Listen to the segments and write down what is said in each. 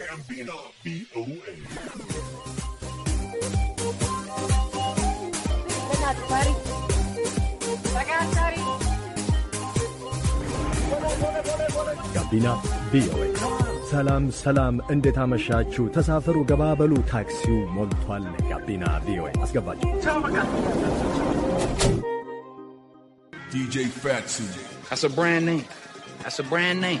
ጋቢና ቪኦኤ ጋቢና ቪኦኤ። ሰላም ሰላም፣ እንዴት አመሻችሁ? ተሳፈሩ፣ ገባ በሉ፣ ታክሲው ሞልቷል። ጋቢና ቪኦኤ አስገባችሁ። ዲጄ Fatsu. That's ብራንድ ኔም name. ብራንድ ኔም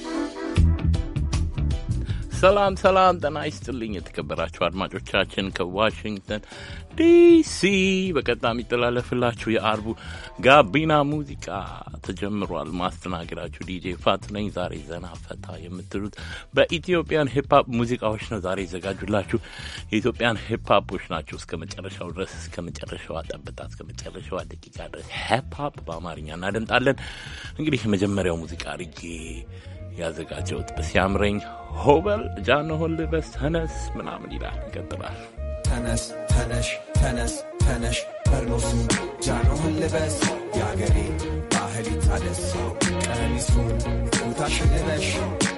ሰላም ሰላም፣ ጤና ይስጥልኝ የተከበራችሁ አድማጮቻችን ከዋሽንግተን ዲሲ በቀጥታ የሚተላለፍላችሁ የአርቡ ጋቢና ሙዚቃ ተጀምሯል። ማስተናገዳችሁ ዲጄ ፋት ነኝ። ዛሬ ዘና ፈታ የምትሉት በኢትዮጵያን ሂፕሀፕ ሙዚቃዎች ነው። ዛሬ የዘጋጁላችሁ የኢትዮጵያን ሂፕሀፖች ናቸው። እስከ መጨረሻው ድረስ እስከ መጨረሻዋ ጠብታ እስከ መጨረሻዋ ደቂቃ ድረስ ሂፕሀፕ በአማርኛ እናደምጣለን። እንግዲህ የመጀመሪያው ሙዚቃ ርጌ ያዘጋጀሁት ሲያምረኝ ሆበል ጃንሆን ልበስ ተነስ ምናምን ይላል። ይቀጥላል። ተነስ ተነሽ ተነስ ተነሽ በርኖሱ ጃንሆን ልበስ የአገሬ ባህል ይታደስ ቀሚሱን ቁታሽን ልበሽ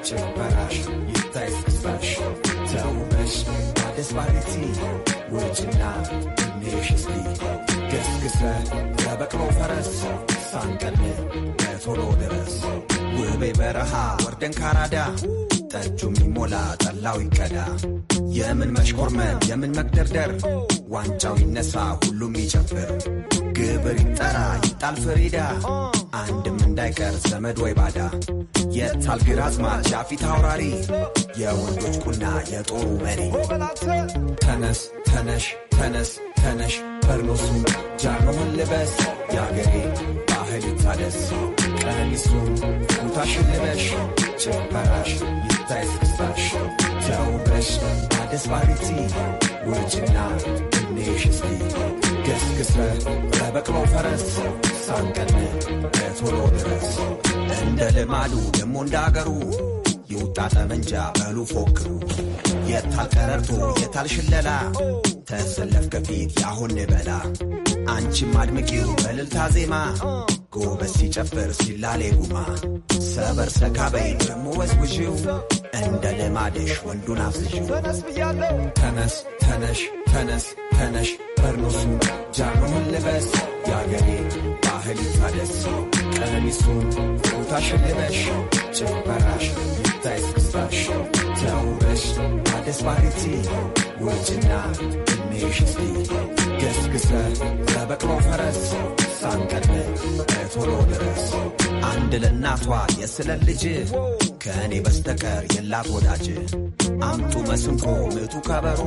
ጭበራሽ ይታይ ተውበሽ አደስ እስቲ ፈረስ ሳንቀን በቶሎ ድረስ ውቤ በረሃ ወርደን ካናዳ ጠጁ ይሞላ ጠላው ይቀዳ። የምን መሽኮርመን የምን መግደርደር ዋንጫው ይነሳ ሁሉም ይጨፍር። ግብር ይጠራ ይጣል ፍሪዳ አንድም እንዳይቀር ዘመድ ወይ ባዳ። የታል ግራዝማች ፊት አውራሪ የወንዶች ቁና የጦሩ መሪ። ተነስ ተነሽ ተነስ ተነሽ በርኖሱን ጃኖህን ልበስ ያገሬ ልታደስ ቀሚሱ ቁታሽ ልበሽ ጭፈራሽ ይታይ ስክሳሽ ተውበሽ አደስ ባሪቲ ውርጅና እኔሽ እስቲ ገስግስረ በበቅሎ ፈረስ ሳንቀን በቶሎ ድረስ እንደ ልማዱ ደሞ እንደ ይውጣ ጠመንጃ በሉ ፎክሩ የታል ቀረርቶ የታል ሽለላ ተሰለፍ ከፊት ያሁን ንበላ አንቺም አድምቂው በልልታ ዜማ ጎበስ ሲጨፍር ሲላሌ ጉማ ሰበር ሰካበይ ደሞ ወዝውዥው እንደ ልማድሽ ወንዱን አፍዝዥው ተነስ ተነሽ ተነስ ተነሽ በርኖሱን ጃኖን ልበስ የአገሬ ባህል ይታደስ ቀሚሱን ቦታሽን ልበሽ ጭፈራሽ ይታይ እስክስታሽ ተውበሽ disparity ውጭና ኔሽንስ ገስግሰ በበቅሎ ፈረስ ሳንቀድም በቶሎ ድረስ አንድ ለእናቷ የስለ ልጅ ከእኔ በስተቀር የላት ወዳጅ። አምጡ መስንቆ ምቱ ከበሮ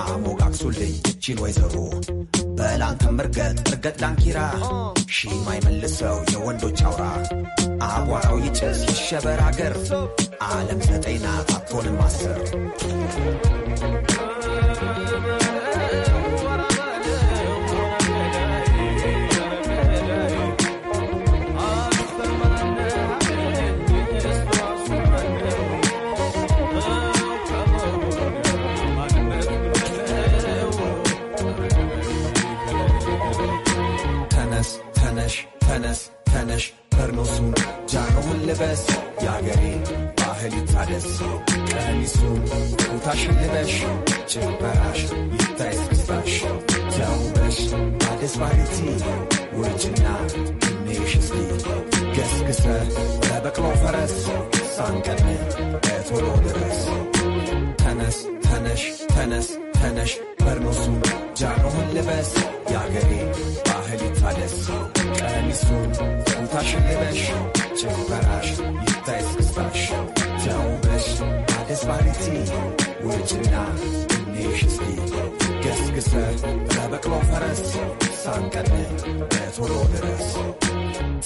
አሞጋግሱልኝ እቺን ወይዘሮ በላንተም እርገጥ እርገጥ ዳንኪራ ሺ ማይመልሰው የወንዶች አውራ አቧራው ይጭስ የሸበር አገር አለም ዘጠኝ ናት አትሆንም አስር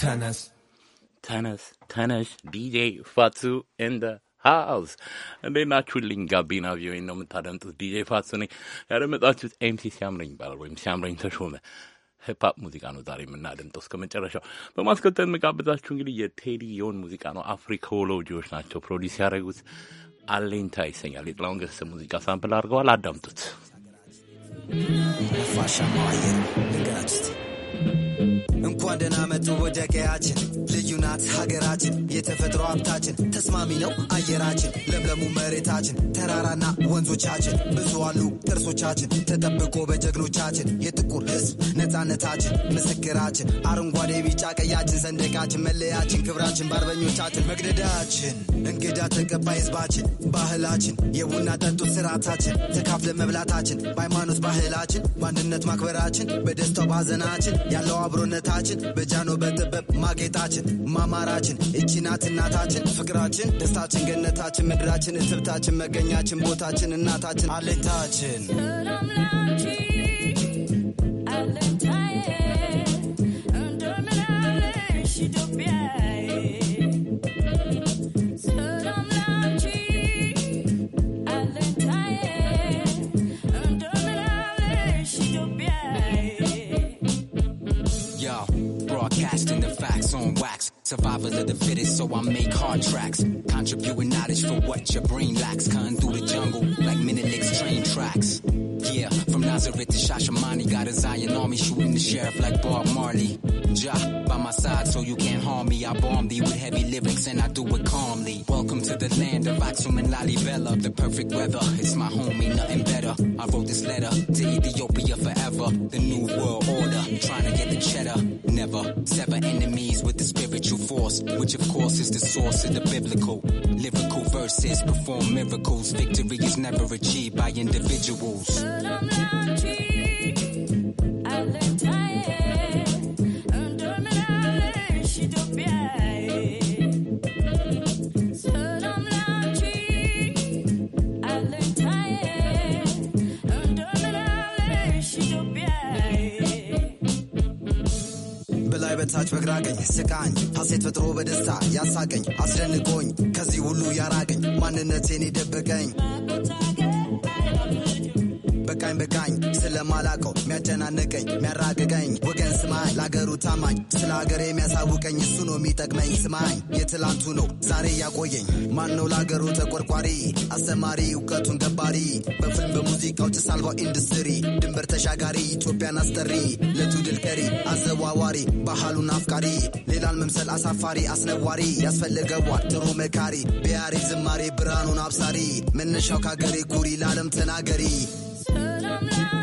ተነስ ተነስ ተነስ ዲጄ ፋቱ እንደ ሃውስ እንዴት ናችሁልኝ? ጋቢና ቪኦኤ ነው የምታደምጡት። ዲጄ ፋቱ ነኝ። ያደመጣችሁት ኤምሲ ሲያምረኝ ይባላል ወይም ሲያምረኝ ተሾመ ሂፓፕ ሙዚቃ ነው ዛሬ የምናደምጠው እስከ መጨረሻው። በማስከተል የምጋብዛችሁ እንግዲህ የቴዲ ዮን ሙዚቃ ነው። አፍሪኮሎጂዎች ናቸው ፕሮዲስ ያደረጉት። አሌንታ ይሰኛል። የጥላሁን ገሰሰ ሙዚቃ ሳምፕል አድርገዋል። አዳምጡት። ኳ ደህና መጡ ወደ ቀያችን ልዩ ልዩ ናት ሀገራችን የተፈጥሮ ሀብታችን ተስማሚ ነው አየራችን ለምለሙ መሬታችን ተራራና ወንዞቻችን ብዙ አሉ ጥርሶቻችን ተጠብቆ በጀግኖቻችን የጥቁር ሕዝብ ነፃነታችን ምስክራችን አረንጓዴ ቢጫ ቀያችን ሰንደቃችን መለያችን ክብራችን ባርበኞቻችን መግደዳችን እንግዳ ተቀባይ ሕዝባችን ባህላችን የቡና ጠጡ ስርዓታችን ተካፍለ መብላታችን በሃይማኖት ባህላችን በአንድነት ማክበራችን በደስታው ባዘናችን ያለው አብሮነታችን በጃኖ በጥበብ ማጌጣችን ማማራችን እቺ ናት እናታችን ፍቅራችን ደስታችን ገነታችን ምድራችን እትብታችን መገኛችን ቦታችን እናታችን አለታችን of the fittest, so I make hard tracks. Contributing knowledge for what your brain lacks. Cutting through the jungle like Menelik's train tracks. Nazareth to Shashamani. Got a Zion army shooting the sheriff like Bob Marley. Ja, by my side so you can't harm me. I bomb thee with heavy lyrics and I do it calmly. Welcome to the land of Aksum and Lalibela. The perfect weather, it's my home, ain't nothing better. I wrote this letter to Ethiopia forever. The new world order, trying to get the cheddar. Never sever enemies with the spiritual force, which of course is the source of the biblical. Lyrical verses perform miracles. Victory is never achieved by individuals. በታች በግራቀኝ ስቃኝ ሐሴት ፈጥሮ በደስታ ያሳቀኝ አስደንቆኝ ከዚህ ሁሉ ያራቀኝ ማንነቴን የደበቀኝ ቃኝ በቃኝ ስለማላቀው የሚያጨናነቀኝ የሚያራቅቀኝ ወገን ስማኝ፣ ለአገሩ ታማኝ ስለ ሀገር የሚያሳውቀኝ እሱ ነው የሚጠቅመኝ። ስማኝ የትላንቱ ነው ዛሬ ያቆየኝ ማን ነው ለአገሩ ተቆርቋሪ አስተማሪ እውቀቱን ገባሪ በፊልም በሙዚቃው ጭስ አልባው ኢንዱስትሪ ድንበር ተሻጋሪ ኢትዮጵያን አስጠሪ ለትውልድ ቀሪ አዘዋዋሪ ባህሉን አፍቃሪ ሌላን መምሰል አሳፋሪ አስነዋሪ ያስፈልገዋል ጥሩ መካሪ ቢያሪ ዝማሬ ብርሃኑን አብሳሪ መነሻው ከሀገሬ ኩሪ ለዓለም ተናገሪ I'm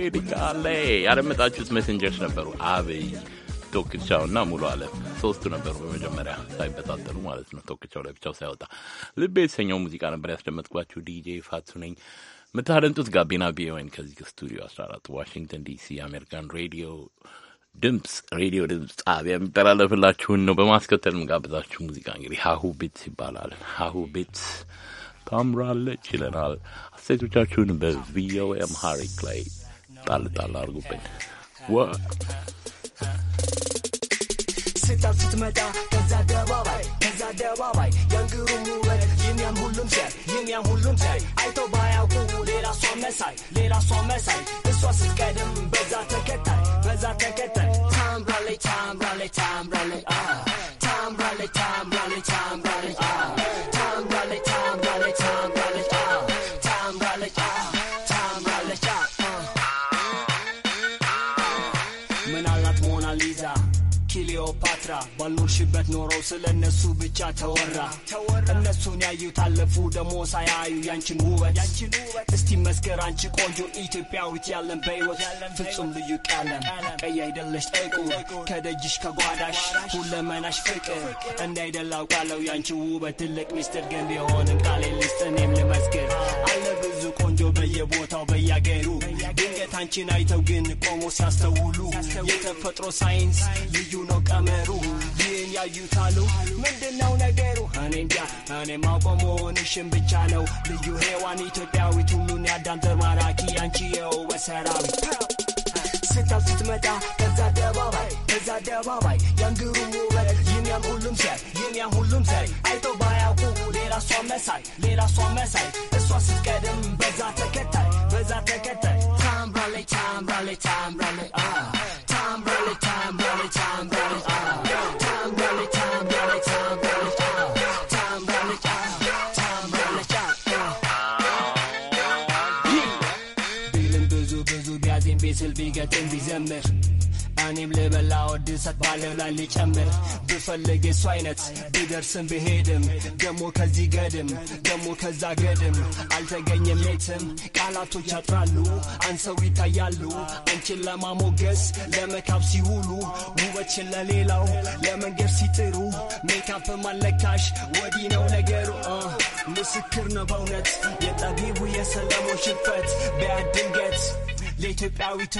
አሜሪካ ያደመጣችሁት ሜሴንጀርስ ነበሩ። አብይ ቶክቻው እና ሙሉ አለም ሶስቱ ነበሩ። በመጀመሪያ ሳይበጣጠሉ ማለት ነው። ቶክቻው ላይ ብቻው ሳይወጣ ልቤ የተሰኘው ሙዚቃ ነበር ያስደመጥኳችሁ። ዲጄ ፋቱ ነኝ። የምታደምጡት ጋቢና ቪኦኤን ከዚህ ከስቱዲዮ 14 ዋሽንግተን ዲሲ የአሜሪካን ሬዲዮ ድምፅ ሬዲዮ ድምፅ ጣቢያ የሚጠላለፍላችሁን ነው። በማስከተል ምጋብዛችሁ ሙዚቃ እንግዲህ ሀሁ ቤት ይባላል። ሀሁ ቤት ታምራለች ይለናል። አስተያየቶቻችሁን በቪኦኤ አምሃሪክ ላይ ጣል ጣል አድርጉብኝ። ስታብ ስትመጣ ከዛ አደባባይ ከዛ አደባባይ የእንግሩም ውበት የሚያም ሁሉም ሲያይ የሚያም ሁሉም ሲያይ አይተው ባያውቁ ሌላ ሷ መሳይ ሌላ መሳይ እሷ ስትቀድም በዛ ተከታይ በዛ ተከታይ ታምራለች ታምራለች ታምራለች ታምራለች ታምራለች ተሰራ ባሉሽበት ኖሮ ስለ እነሱ ብቻ ተወራ ተወራ። እነሱን ያዩ ታለፉ ደሞ ሳያዩ ያንቺን ውበት ያንቺን ውበት እስቲ መስገር አንቺ ቆንጆ ኢትዮጵያዊት ያለን በሕይወት ፍጹም ልዩ ቀለም ቀይ አይደለሽ ጠቁ ከደጅሽ ከጓዳሽ ሁለመናሽ ፍቅር እንዳይደላው ቃለው ያንቺ ውበት ትልቅ ሚስጥር ግን ቢሆንም ቃሌ ልስጥ እኔም ልመስክር አለ ብዙ ቆንጆ በየቦታው በያገሩ ድንገት አንቺን አይተው ግን ቆሞ ሲያስተውሉ የተፈጥሮ ሳይንስ ልዩ ነው ቀመሩ ይህን ያዩታሉ ምንድነው ነገሩ እኔ እንጃ እኔ ማውቀው መሆንሽን ብቻ ነው ልዩ ሔዋን ኢትዮጵያዊት ሁሉን ያዳንተር ማራኪ አንቺ የው በሰራዊ ስታው ስትመጣ ከዛ አደባባይ ከዛ አደባባይ ያንግሩ ውበት ይንያም ሁሉም ሲያይ ይንያም ሁሉም ሲያይ አይቶ ባያውቁ ሌላ እሷ መሳይ ሌላ እሷ መሳይ እሷ ስትቀድም በዛ ተከታይ በዛ ተከታይ Raleigh time, Raleigh time, Raleigh ah. Time, Raleigh time, Raleigh time, Raleigh ah. Time, Raleigh time, Raleigh time, ah. Time, Raleigh ah. Time, Raleigh ah. Bilim bir getin bizimdir. እኔም ልበላ ወድሳት ባለው ላይ ብፈልግ የሱ አይነት ብደርስም ብሄድም ደሞ ከዚህ ገድም ደሞ ከዛ ገድም አልተገኘም የትም። ቃላቶች ያጥራሉ አንሰው ይታያሉ አንቺን ለማሞገስ ለመካብ ሲውሉ ውበችን ለሌላው ለመንገድ ሲጥሩ ሜካፕ ማለካሽ ወዲህ ነው ነገሩ ምስክር ነው በእውነት የጠቢቡ የሰለሞ ሽፈት ቢያድንገት ለኢትዮጵያዊቷ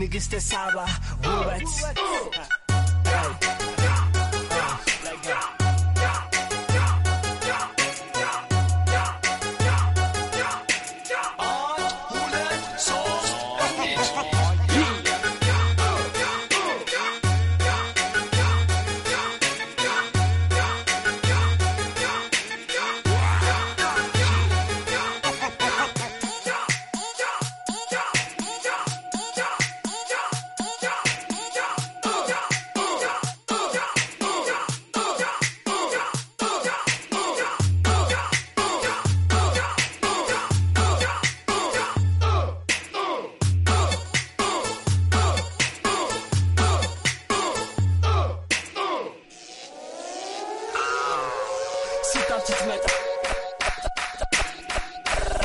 ንግሥተ ሳባ ውበት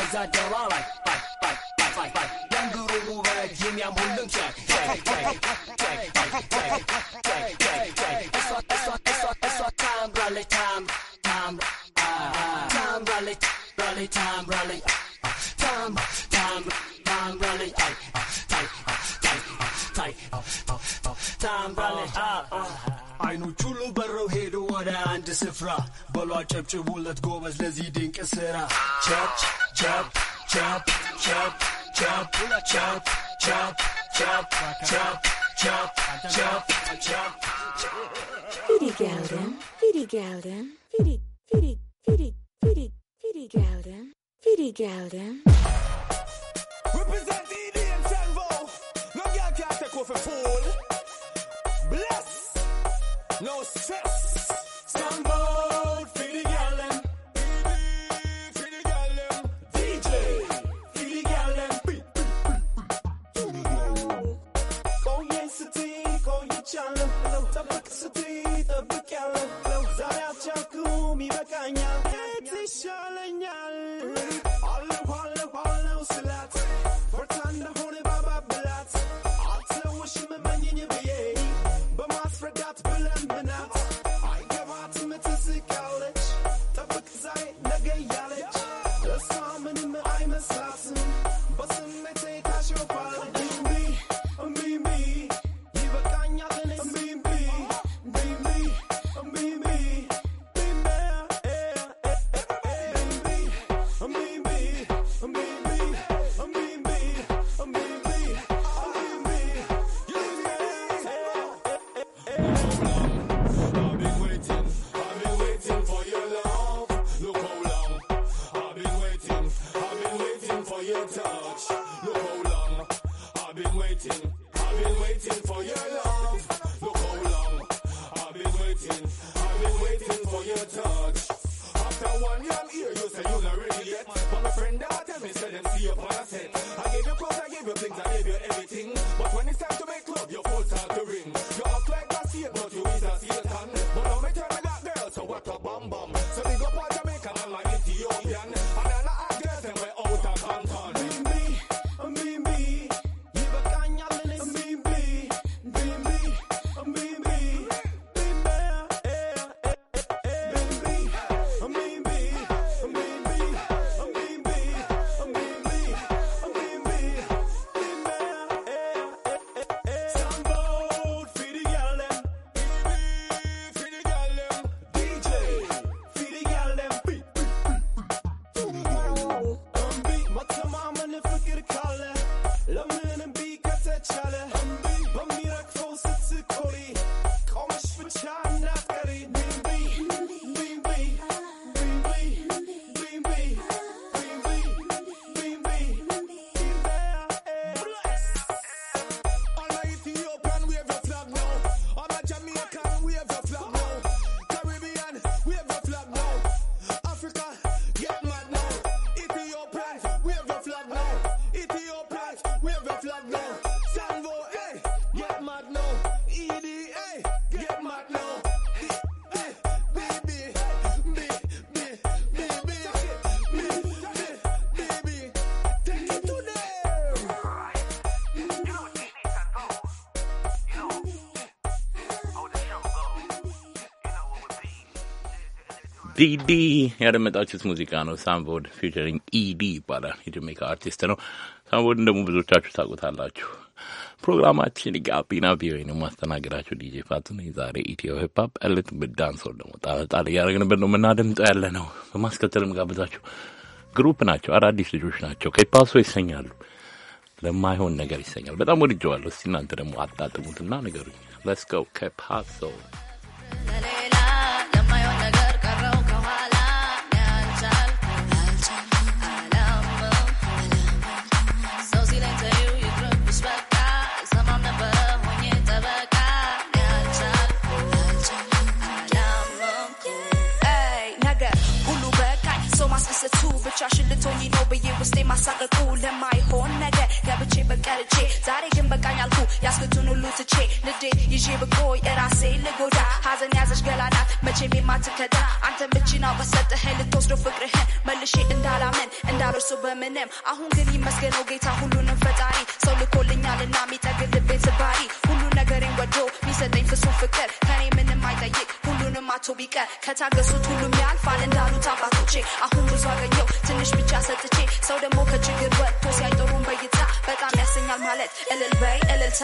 자자와 라이 라이 라이 라이 라이 라이 check, check, check, check, check, check, what, check, check, check, check, time, rally time, time, ah, time, rally, rally time, rally, time, time, በሉ አጨብጭቡለት ጎበዝ ለዚህ ድንቅ ስራ ቻፕ ቻፕ ቻፕ ቻፕ ቻፕ ቻፕ ቻፕ ቻፕ ቻፕ ቻፕ ቻፕ ቻፕ Fitty Galden, Fitty Galden, Fitty, Fitty, Fitty, Fitty, Fitty Galden, Fitty Galden. ዲዲ ያደመጣችሁት ሙዚቃ ነው። ሳምቦድ ፊቸሪንግ ኢዲ ይባላል። የጀሜካ አርቲስት ነው። ሳምቦድን ደግሞ ብዙዎቻችሁ ታውቁታላችሁ። ፕሮግራማችን ጋቢና ቪኦኤ ነው። ማስተናገዳችሁ ዲጄ ፋቱ ነኝ። ዛሬ ኢትዮ ሂፓፕ እልት ብዳንስ ወር ደግሞ ጣጣል እያደረግንበት ነው የምናደምጠው ያለ ነው። በማስከተልም ጋብዛችሁ ግሩፕ ናቸው፣ አዳዲስ ልጆች ናቸው። ከፓሶ ይሰኛሉ። ለማይሆን ነገር ይሰኛል። በጣም ወድጀዋለሁ። እስቲ እናንተ ደግሞ አጣጥሙትና ነገሩኝ። ለስከው ከፓሶ ሐሰቱ ብቻ ሽልቶኝ ነው ብዬ ውስጤ ማሳቀቁ ለማይሆን ነገር ገብቼ በቀርቼ ዛሬ ግን በቃኝ አልኩ ያስገቱን ሁሉ ትቼ ንዴ ይዤ ብቆይ እራሴ ልጎዳ ሀዘን ያዘሽ ገላናት መቼም የማትከዳ አንተ ብችና በሰጥህ ልትወስዶ ፍቅርህን መልሼ እንዳላምን እንዳርሱ በምንም አሁን ግን ይመስገነው ጌታ ሁሉንም ፈጣሪ ሰው ልኮልኛልና የሚጠግን ልቤን ስባሪ ሁሉ ነገሬን ወዶ የሚሰጠኝ ፍሱ ፍቅር ከኔ ምንም አይጠይቅ ሁሉንም አቶ ቢቀር ከታገሱት ሁሉም ያልፋል እንዳሉት አባቶቼ አሁን ብዙ አገኘው ትንሽ ብቻ ሰጥቼ ሰው ደግሞ ከችግር ወጥቶ ሲያይጠሩን በይታ በጣም ያሰኛል ማለት እልል በይ እልልታ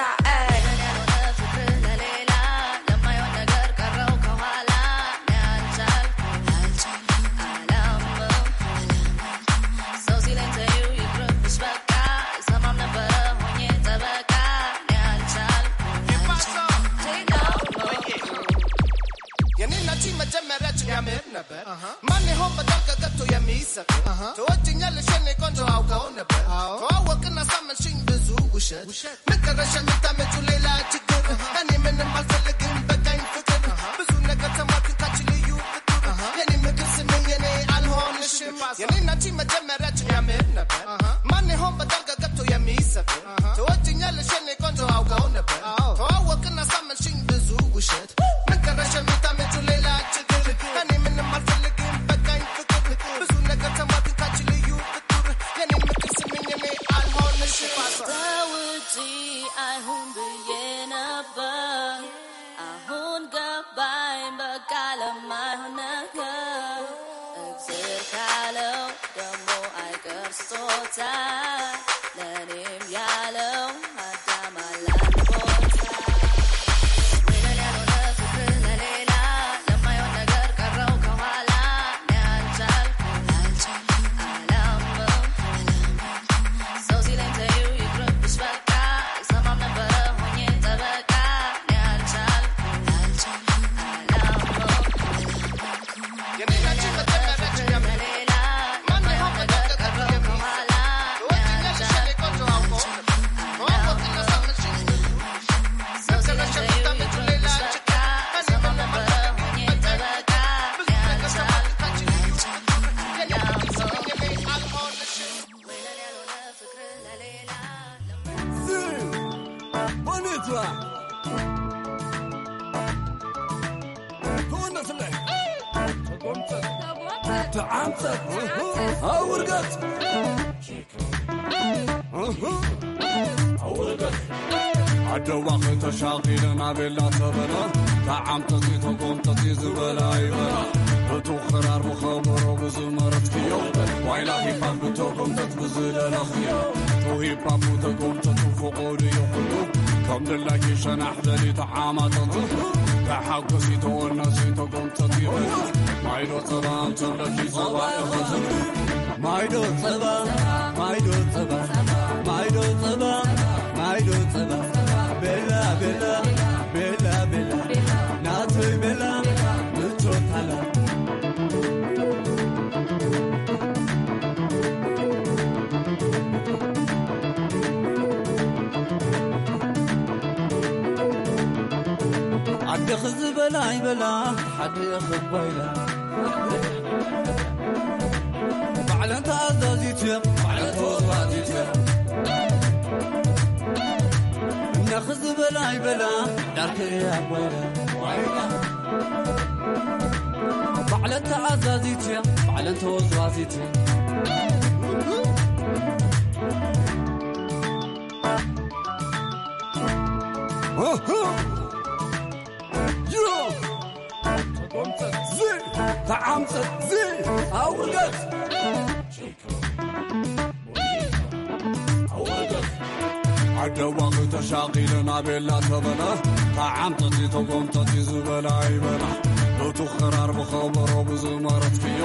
መጀመሪያ ችያምር ነበር ማን ይሆን በደል ከገቶ የሚሰብር ተወጅኛለሽ የኔ ቆንጆ አውቀው ነበር ተዋወቅና ሳመንሽኝ ብዙ ውሸት ንቅረሽ የምታመጩ ሌላ ችግር እኔ ምንም አልፈልግም በቃኝ ፍቅር ብዙ ነገር ተማክካች ልዩ ፍጡር የኔ ምግብ ስምኝ የኔ አልሆንሽም የኔናቺ መጀመሪያ ችያምር ነበር ማን ይሆን በደል ከገቶ የሚሰብር ዓደዋ ኽተሻቒልና ቤላ ሰበና ተዓምጥቲ ተቆምጥቲ ዝበላ ይበና እቱ ኽራር ብኸበሮ ብዝመረትክዮ ዋይላ ሂፓፕ ብተቆምጠት ብዝደለኽዮ ቱሂፓፕ ተቆምጠቱ ፍቑድ እዩ ኽሉ ከም ድላኪ ሸናሕ ዘሊ ተዓማጠቱ ተሓጐሲ ተወነሲ ተቆምጠት ይበና ማይዶ ፀባ እንተለኪ ፀባ ኢኸዝን ማይዶ ፀባ ማይዶ ፀባ مايلو طبع مايلو طبع بلا بلا بلا بلا ناتوي بلا نتو طلع عبد خز بلا بلا حد يخبايلا بلا بلا دارك يا ويلا بعلنت عزازيتي بعلنت وزوازيتي تعمت زي أولد عد وق ተሻቂልና ቤላ ተበና ታዓንጠቲ ተጎምጠቲ ዝበላ ይበና ኖቱ ኽራር ብኸበሮ ብዝመረትክዮ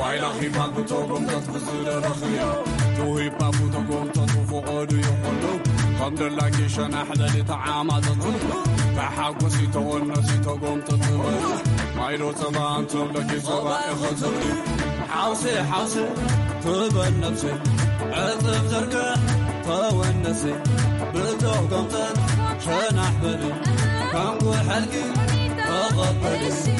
ዋይላ ኺባቡ ተጎምጠት ብዝደለኽዮ ትውሂባቡ ተጎምጠቱ ፍቐዱ ይኾሉ ከም ደላጊ ሸናሕለሊ ተዓማጠቱ ታሓጐሲ ተወነሲ ተጎምጠት ዝበላ ማይዶ ጸባ እንተብለኪ ጸባ ኢኸ ዝብሊ ሓውሴ ሓውሴ ትበን ነፍሴ ዕጥብ ዘርከ ተወነሴ بالتوقنطن أحبري كم حلقي أغطري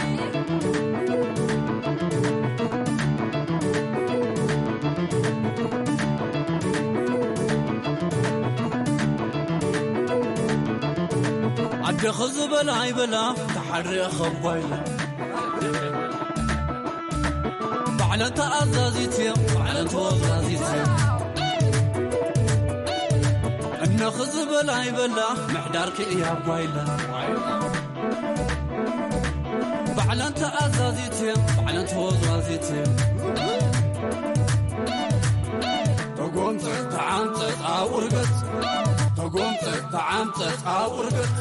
عد خذ بلاي بلا تحري خبيلا بعلن تأذازيتي بعلن توزازيتي ንኽዝብል ኣይበላ ምሕዳርኪ እያ ጓይላ ባዕለንተ ኣዛዚት ባዕለንተ ወዛዚት ተጎምፅዕ ተዓምፅጥ ኣብ ርገፅ ተጎምፅዕ ተዓምፅጥ ኣብ ርገፅ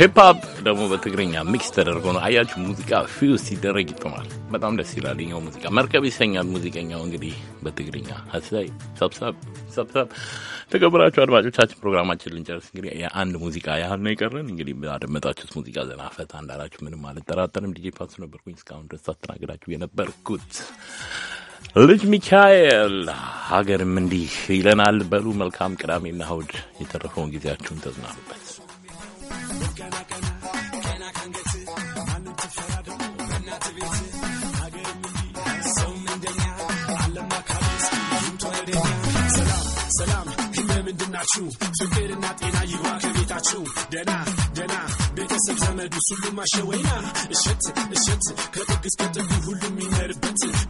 ሂፕሆፕ ደግሞ በትግርኛ ሚክስ ተደርጎ ነው። አያችሁ ሙዚቃ ፊውስ ሲደረግ ይጥማል። በጣም ደስ ይላል። ኛው ሙዚቃ መርከብ ይሰኛል። ሙዚቀኛው እንግዲህ በትግርኛ ሀሳይ ሰብሰብ ሰብሰብ ተገብራችሁ አድማጮቻችን ፕሮግራማችን ልንጨርስ እንግዲህ የአንድ ሙዚቃ ያህል ነው የቀረን። እንግዲህ ያደመጣችሁት ሙዚቃ ዘና ፈታ እንዳላችሁ ምንም አልጠራጠርም። ዲጄ ፓሱ ነበርኩኝ እስካሁን ድረስ አስተናግዳችሁ የነበርኩት ልጅ ሚካኤል። ሀገርም እንዲህ ይለናል። በሉ መልካም ቅዳሜና እሑድ፣ የተረፈውን ጊዜያችሁን ተዝናኑበት። you. So it, not in a you, I can get at you. Then I ቤተሰብ ዘመዱ ሁሉም እሸት እሸት ከጥግ እስከ ጥግ ሁሉም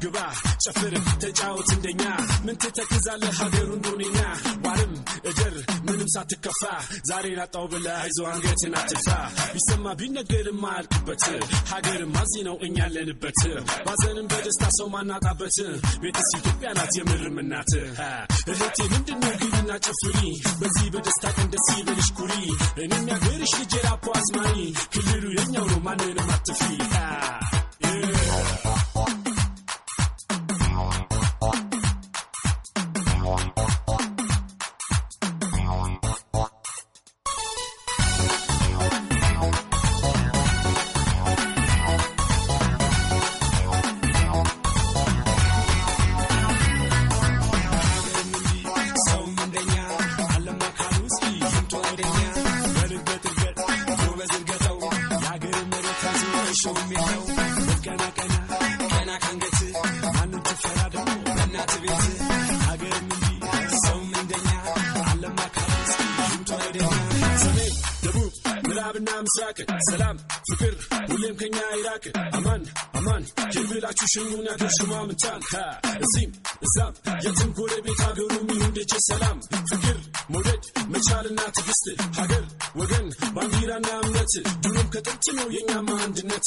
ግባ ጨፍር ተጫወት እንደኛ ምን ትተክዛለህ ሀገሩ እንደሆነኛ ባርም እድር ምንም ሳትከፋ ዛሬ ናጣው ብለህ አይዞህ አንገትን አትፍራ ቢሰማ ቢነገርም አያልቅበት ሀገርም ነው እኛ ያለንበት ባዘንም በደስታ ሰው ማናጣበት ቤትስ ኢትዮጵያ ናት የምርም እናት እህቴ ምንድነው ግብና ጨፍሪ በዚህ በደስታ ቀን ደስ ይበልሽ ኩሪ እኔም ያገርሽ Kujuru ya nyoro maneno matafi ah. ከንገት ማንም ትፈራ ቤት ሀገርም እንዲ ሰውም አለማ ካስ ሰሜን፣ ደቡብ፣ ምዕራብና ምስራቅ ሰላም ፍቅር ሁሌም ከኛ ይራቅ አማን አማን የሚላችሁ ሽኙን ያገር ሽማምቻን እዚህም እዛም የትም ጎረቤት ሀገሩ ይሁን ደጅ ሰላም ፍቅር መውደድ መቻልና ትግስት ሀገር ወገን ባንዲራና እምነት ድሮም ከጥንት ነው የእኛማ አንድነት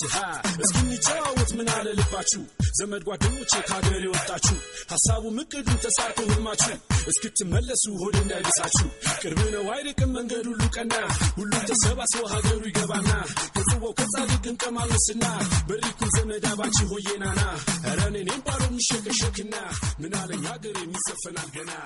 እስኪንጫወት ምን አለ ልባችሁ ዘመድ ጓደኞቼ ከሀገር የወጣችሁ ሀሳቡ ምቅዱ ተሳርቶ ህልማችሁ እስክትመለሱ ሆድ እንዳይደሳችሁ ቅርብ ነው አይርቅም መንገድ ሁሉ ቀና ሁሉም ተሰባስቦ ሀገሩ ይገባና ከጽዋው ከጻድቅ እንቀማለስና በሪኩም ዘመድ እንግዳ ባቺ ሆዬ ናና ረን እኔም ባሮ የሚሸከሸክና ምናለኝ ሀገር የሚዘፈናል ገና